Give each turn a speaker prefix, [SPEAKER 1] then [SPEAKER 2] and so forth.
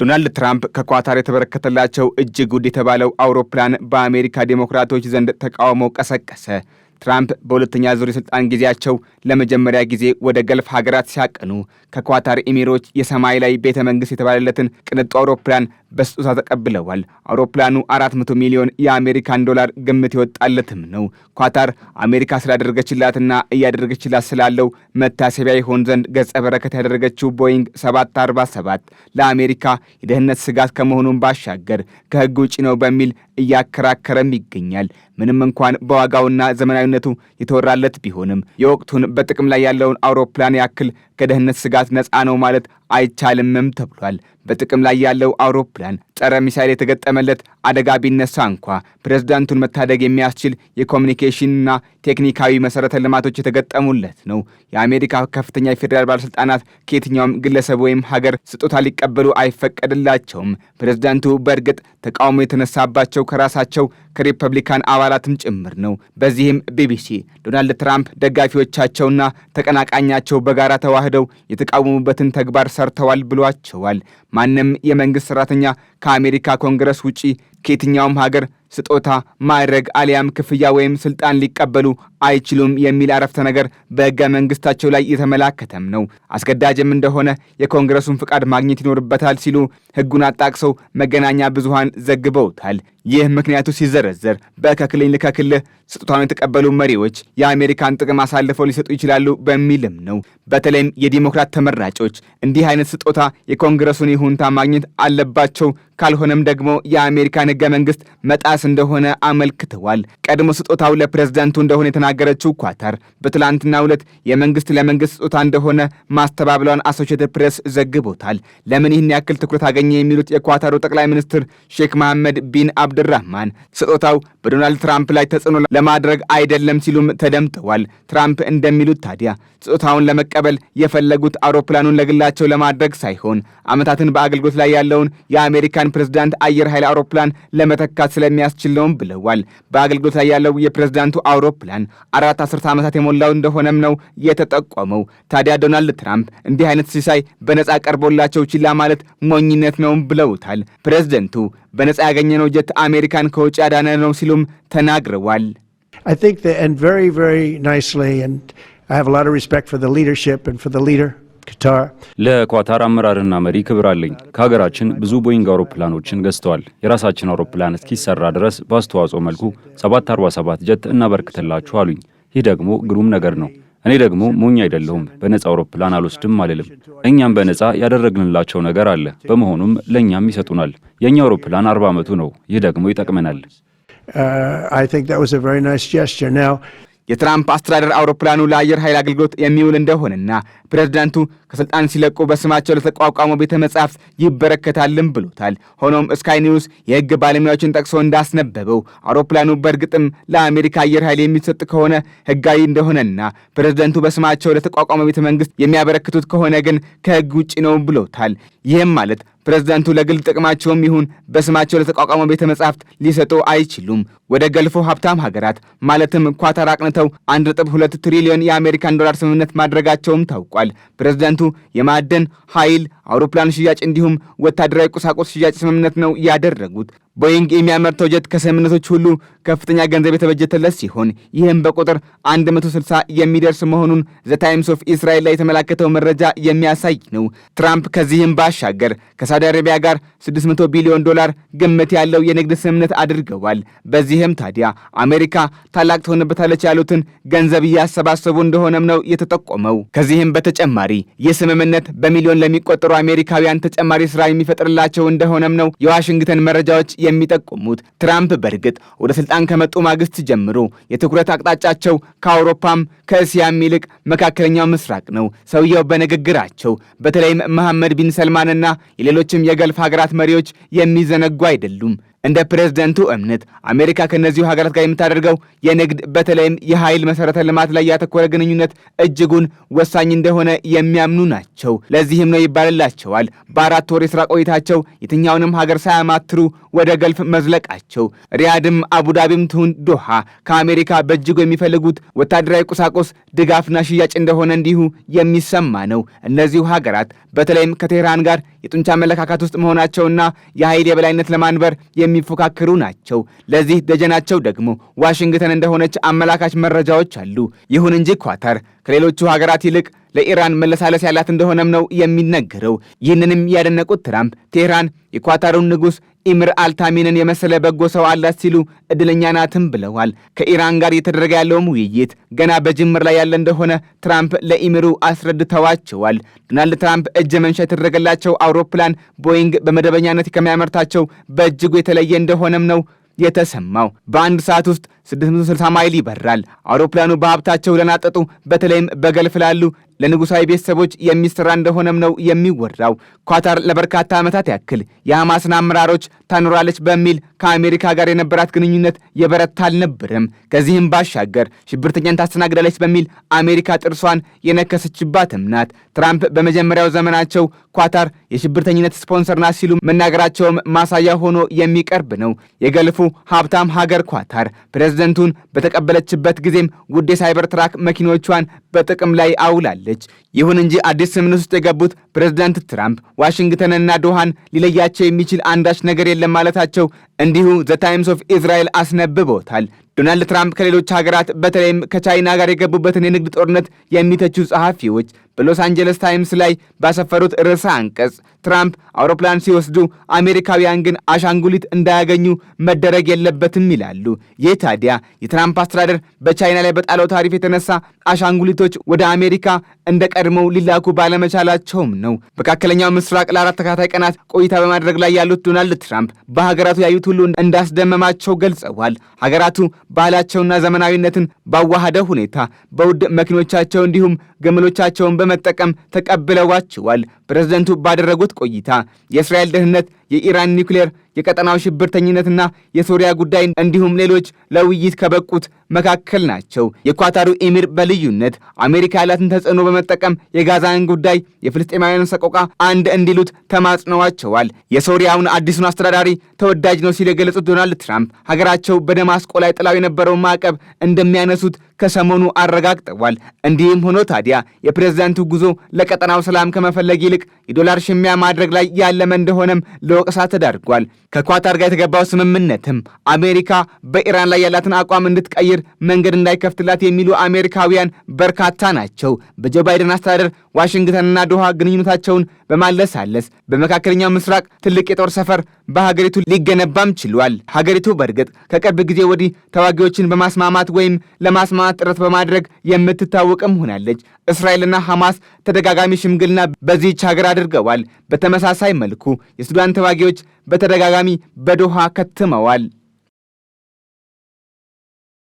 [SPEAKER 1] ዶናልድ ትራምፕ ከኳታር የተበረከተላቸው እጅግ ውድ የተባለው አውሮፕላን በአሜሪካ ዴሞክራቶች ዘንድ ተቃውሞ ቀሰቀሰ። ትራምፕ በሁለተኛ ዙር የሥልጣን ጊዜያቸው ለመጀመሪያ ጊዜ ወደ ገልፍ ሀገራት ሲያቀኑ ከኳታር ኢሚሮች የሰማይ ላይ ቤተ መንግሥት የተባለለትን ቅንጡ አውሮፕላን በስጦታ ተቀብለዋል። አውሮፕላኑ 400 ሚሊዮን የአሜሪካን ዶላር ግምት የወጣለትም ነው። ኳታር አሜሪካ ስላደረገችላትና እያደረገችላት ስላለው መታሰቢያ ይሆን ዘንድ ገጸ በረከት ያደረገችው ቦይንግ 747 ለአሜሪካ የደህንነት ስጋት ከመሆኑን ባሻገር ከህግ ውጭ ነው በሚል እያከራከረም ይገኛል። ምንም እንኳን በዋጋውና ዘመናዊነቱ የተወራለት ቢሆንም የወቅቱን በጥቅም ላይ ያለውን አውሮፕላን ያክል ከደህንነት ስጋት ነፃ ነው ማለት አይቻልምም ተብሏል። በጥቅም ላይ ያለው አውሮፕላን ጸረ ሚሳይል የተገጠመለት አደጋ ቢነሳ እንኳ ፕሬዝዳንቱን መታደግ የሚያስችል የኮሚኒኬሽንና ቴክኒካዊ መሠረተ ልማቶች የተገጠሙለት ነው። የአሜሪካ ከፍተኛ የፌዴራል ባለሥልጣናት ከየትኛውም ግለሰብ ወይም ሀገር ስጦታ ሊቀበሉ አይፈቀድላቸውም። ፕሬዝዳንቱ በእርግጥ ተቃውሞ የተነሳባቸው ከራሳቸው ከሪፐብሊካን አባላትም ጭምር ነው። በዚህም ቢቢሲ ዶናልድ ትራምፕ ደጋፊዎቻቸውና ተቀናቃኛቸው በጋራ ተዋህደው የተቃወሙበትን ተግባር ሰርተዋል ብሏቸዋል። ማንም የመንግሥት ሠራተኛ ከአሜሪካ ኮንግረስ ውጪ ከየትኛውም ሀገር ስጦታ ማድረግ አሊያም ክፍያ ወይም ስልጣን ሊቀበሉ አይችሉም የሚል አረፍተ ነገር በሕገ መንግሥታቸው ላይ የተመላከተም ነው። አስገዳጅም እንደሆነ የኮንግረሱን ፍቃድ ማግኘት ይኖርበታል ሲሉ ሕጉን አጣቅሰው መገናኛ ብዙሃን ዘግበውታል። ይህ ምክንያቱ ሲዘረዘር በከክልኝ ልከክልህ ስጦታን የተቀበሉ መሪዎች የአሜሪካን ጥቅም አሳልፈው ሊሰጡ ይችላሉ በሚልም ነው። በተለይም የዲሞክራት ተመራጮች እንዲህ አይነት ስጦታ የኮንግረሱን ይሁንታ ማግኘት አለባቸው። ካልሆነም ደግሞ የአሜሪካን ህገ መንግስት መጣስ እንደሆነ አመልክተዋል። ቀድሞ ስጦታው ለፕሬዝዳንቱ እንደሆነ የተናገረችው ኳታር በትላንትናው ዕለት የመንግስት ለመንግስት ስጦታ እንደሆነ ማስተባበሏን አሶሼትድ ፕሬስ ዘግቦታል። ለምን ይህን ያክል ትኩረት አገኘ የሚሉት የኳታሩ ጠቅላይ ሚኒስትር ሼክ መሐመድ ቢን አብድራህማን ስጦታው በዶናልድ ትራምፕ ላይ ተጽዕኖ ለማድረግ አይደለም ሲሉም ተደምጠዋል። ትራምፕ እንደሚሉት ታዲያ ስጦታውን ለመቀበል የፈለጉት አውሮፕላኑን ለግላቸው ለማድረግ ሳይሆን ዓመታትን በአገልግሎት ላይ ያለውን የአሜሪካን ፕሬዝዳንት አየር ኃይል አውሮፕላን ለመተካት ስለሚያስችል ነውም ብለዋል። በአገልግሎት ላይ ያለው የፕሬዝዳንቱ አውሮፕላን አራት አስርተ ዓመታት የሞላው እንደሆነም ነው የተጠቆመው። ታዲያ ዶናልድ ትራምፕ እንዲህ አይነት ሲሳይ በነጻ ቀርቦላቸው ችላ ማለት ሞኝነት ነውም ብለውታል። ፕሬዝደንቱ በነጻ ያገኘነው ጀት አሜሪካን ከውጭ ያዳነ ነው ሲሉም ተናግረዋል።
[SPEAKER 2] I think they end very, very nicely, and I have a lot of respect for the leadership and for the leader.
[SPEAKER 1] ለኳታር አመራርና መሪ ክብር አለኝ። ከሀገራችን ብዙ ቦይንግ አውሮፕላኖችን ገዝተዋል። የራሳችን አውሮፕላን እስኪሰራ ድረስ በአስተዋጽኦ መልኩ 747 ጀት እናበርክትላችሁ አሉኝ። ይህ ደግሞ ግሩም ነገር ነው። እኔ ደግሞ ሞኝ አይደለሁም። በነፃ አውሮፕላን አልወስድም አልልም። እኛም በነፃ ያደረግንላቸው ነገር አለ። በመሆኑም ለእኛም ይሰጡናል። የእኛ አውሮፕላን አርባ ዓመቱ ነው። ይህ ደግሞ ይጠቅመናል። uh, የትራምፕ አስተዳደር አውሮፕላኑ ለአየር ኃይል አገልግሎት የሚውል እንደሆነና ፕሬዚዳንቱ ከስልጣን ሲለቁ በስማቸው ለተቋቋመው ቤተ መጻሕፍት ይበረከታልም ብሎታል። ሆኖም ስካይ ኒውስ የሕግ ባለሙያዎችን ጠቅሶ እንዳስነበበው አውሮፕላኑ በእርግጥም ለአሜሪካ አየር ኃይል የሚሰጥ ከሆነ ሕጋዊ እንደሆነና ፕሬዚዳንቱ በስማቸው ለተቋቋመ ቤተ መንግሥት የሚያበረክቱት ከሆነ ግን ከሕግ ውጭ ነው ብሎታል። ይህም ማለት ፕሬዝዳንቱ ለግል ጥቅማቸውም ይሁን በስማቸው ለተቋቋመው ቤተ መጻሕፍት ሊሰጡ አይችሉም። ወደ ገልፎ ሀብታም ሀገራት ማለትም ኳታር አቅንተው 1.2 ትሪሊዮን የአሜሪካን ዶላር ስምምነት ማድረጋቸውም ታውቋል። ፕሬዝዳንቱ የማደን ኃይል፣ አውሮፕላን ሽያጭ እንዲሁም ወታደራዊ ቁሳቁስ ሽያጭ ስምምነት ነው ያደረጉት። ቦይንግ የሚያመርተው ጀት ከስምምነቶች ሁሉ ከፍተኛ ገንዘብ የተበጀተለት ሲሆን ይህም በቁጥር 160 የሚደርስ መሆኑን ዘታይምስ ኦፍ እስራኤል ላይ የተመላከተው መረጃ የሚያሳይ ነው። ትራምፕ ከዚህም ባሻገር ከሳውዲ አረቢያ ጋር 600 ቢሊዮን ዶላር ግምት ያለው የንግድ ስምምነት አድርገዋል። በዚህም ታዲያ አሜሪካ ታላቅ ትሆንበታለች ያሉትን ገንዘብ እያሰባሰቡ እንደሆነም ነው የተጠቆመው። ከዚህም በተጨማሪ ይህ ስምምነት በሚሊዮን ለሚቆጠሩ አሜሪካውያን ተጨማሪ ስራ የሚፈጥርላቸው እንደሆነም ነው የዋሽንግተን መረጃዎች የሚጠቁሙት ትራምፕ በእርግጥ ወደ ስልጣን ከመጡ ማግስት ጀምሮ የትኩረት አቅጣጫቸው ከአውሮፓም ከእስያም ይልቅ መካከለኛው ምስራቅ ነው። ሰውየው በንግግራቸው በተለይም መሐመድ ቢን ሰልማንና የሌሎችም የገልፍ ሀገራት መሪዎች የሚዘነጉ አይደሉም። እንደ ፕሬዝደንቱ እምነት አሜሪካ ከእነዚሁ ሀገራት ጋር የምታደርገው የንግድ በተለይም የኃይል መሰረተ ልማት ላይ ያተኮረ ግንኙነት እጅጉን ወሳኝ እንደሆነ የሚያምኑ ናቸው። ለዚህም ነው ይባልላቸዋል በአራት ወር የሥራ ቆይታቸው የትኛውንም ሀገር ሳያማትሩ ወደ ገልፍ መዝለቃቸው፣ ሪያድም አቡዳቢም ትሁን ዶሃ ከአሜሪካ በእጅጉ የሚፈልጉት ወታደራዊ ቁሳቁስ ድጋፍና ሽያጭ እንደሆነ እንዲሁ የሚሰማ ነው። እነዚሁ ሀገራት በተለይም ከቴህራን ጋር የጡንቻ አመለካካት ውስጥ መሆናቸውና የኃይል የበላይነት ለማንበር የሚፎካከሩ ናቸው። ለዚህ ደጀናቸው ደግሞ ዋሽንግተን እንደሆነች አመላካች መረጃዎች አሉ። ይሁን እንጂ ኳታር ከሌሎቹ ሀገራት ይልቅ ለኢራን መለሳለስ ያላት እንደሆነም ነው የሚነገረው። ይህንንም ያደነቁት ትራምፕ ቴህራን የኳታሩን ንጉሥ ኢምር አልታሚንን የመሰለ በጎ ሰው አላት ሲሉ እድለኛ ናትም ብለዋል። ከኢራን ጋር እየተደረገ ያለውም ውይይት ገና በጅምር ላይ ያለ እንደሆነ ትራምፕ ለኢምሩ አስረድተዋቸዋል። ዶናልድ ትራምፕ እጅ መንሻ የተደረገላቸው አውሮፕላን ቦይንግ በመደበኛነት ከሚያመርታቸው በእጅጉ የተለየ እንደሆነም ነው የተሰማው በአንድ ሰዓት ውስጥ 660 ማይል ይበራል። አውሮፕላኑ በሀብታቸው ለናጠጡ በተለይም በገልፍ ላሉ ለንጉሳዊ ቤተሰቦች የሚሰራ እንደሆነም ነው የሚወራው። ኳታር ለበርካታ ዓመታት ያክል የሐማስን አመራሮች ታኖራለች በሚል ከአሜሪካ ጋር የነበራት ግንኙነት የበረታ አልነበረም። ከዚህም ባሻገር ሽብርተኛን ታስተናግዳለች በሚል አሜሪካ ጥርሷን የነከሰችባትም ናት። ትራምፕ በመጀመሪያው ዘመናቸው ኳታር የሽብርተኝነት ስፖንሰር ናት ሲሉ መናገራቸውም ማሳያ ሆኖ የሚቀርብ ነው። የገልፉ ሀብታም ሀገር ኳታር ፕሬዝደንቱን በተቀበለችበት ጊዜም ውድ የሳይበር ትራክ መኪኖቿን በጥቅም ላይ አውላለች። ይሁን እንጂ አዲስ ስምምነት ውስጥ የገቡት ፕሬዝዳንት ትራምፕ ዋሽንግተንና ዶሃን ሊለያቸው የሚችል አንዳች ነገር የለም ማለታቸው እንዲሁ ዘ ታይምስ ኦፍ ኢዝራኤል አስነብቦታል። ዶናልድ ትራምፕ ከሌሎች ሀገራት በተለይም ከቻይና ጋር የገቡበትን የንግድ ጦርነት የሚተቹ ጸሐፊዎች በሎስ አንጀለስ ታይምስ ላይ ባሰፈሩት ርዕሰ አንቀጽ ትራምፕ አውሮፕላን ሲወስዱ አሜሪካውያን ግን አሻንጉሊት እንዳያገኙ መደረግ የለበትም ይላሉ። ይህ ታዲያ የትራምፕ አስተዳደር በቻይና ላይ በጣለው ታሪፍ የተነሳ አሻንጉሊቶች ወደ አሜሪካ እንደ ቀድሞው ሊላኩ ባለመቻላቸውም ነው። መካከለኛው ምስራቅ ለአራት ተከታታይ ቀናት ቆይታ በማድረግ ላይ ያሉት ዶናልድ ትራምፕ በሀገራቱ ያዩት ሁሉ እንዳስደመማቸው ገልጸዋል። ሀገራቱ ባህላቸውና ዘመናዊነትን ባዋሃደ ሁኔታ በውድ መኪኖቻቸው እንዲሁም ግመሎቻቸውን በመጠቀም ተቀብለዋቸዋል። ፕሬዝደንቱ ባደረጉት ቆይታ የእስራኤል ደህንነት፣ የኢራን ኒውክሌር የቀጠናው ሽብርተኝነትና የሶሪያ ጉዳይ እንዲሁም ሌሎች ለውይይት ከበቁት መካከል ናቸው። የኳታሩ ኤሚር በልዩነት አሜሪካ ያላትን ተጽዕኖ በመጠቀም የጋዛን ጉዳይ የፍልስጤማውያን ሰቆቃ አንድ እንዲሉት ተማጽነዋቸዋል። የሶሪያውን አዲሱን አስተዳዳሪ ተወዳጅ ነው ሲል የገለጹት ዶናልድ ትራምፕ ሀገራቸው በደማስቆ ላይ ጥላው የነበረውን ማዕቀብ እንደሚያነሱት ከሰሞኑ አረጋግጠዋል። እንዲህም ሆኖ ታዲያ የፕሬዝዳንቱ ጉዞ ለቀጠናው ሰላም ከመፈለግ ይልቅ የዶላር ሽሚያ ማድረግ ላይ ያለመ እንደሆነም ለወቀሳ ተዳርጓል። ከኳታር ጋር የተገባው ስምምነትም አሜሪካ በኢራን ላይ ያላትን አቋም እንድትቀይር መንገድ እንዳይከፍትላት የሚሉ አሜሪካውያን በርካታ ናቸው። በጆ ባይደን አስተዳደር ዋሽንግተንና ዶሃ ግንኙነታቸውን በማለሳለስ በመካከለኛው ምስራቅ ትልቅ የጦር ሰፈር በሀገሪቱ ሊገነባም ችሏል። ሀገሪቱ በእርግጥ ከቅርብ ጊዜ ወዲህ ተዋጊዎችን በማስማማት ወይም ለማስማማት ጥረት በማድረግ የምትታወቅም ሆናለች። እስራኤልና ሐማስ ተደጋጋሚ ሽምግልና በዚህች ሀገር አድርገዋል። በተመሳሳይ መልኩ የሱዳን ተዋጊዎች በተደጋጋሚ በዶሃ ከትመዋል።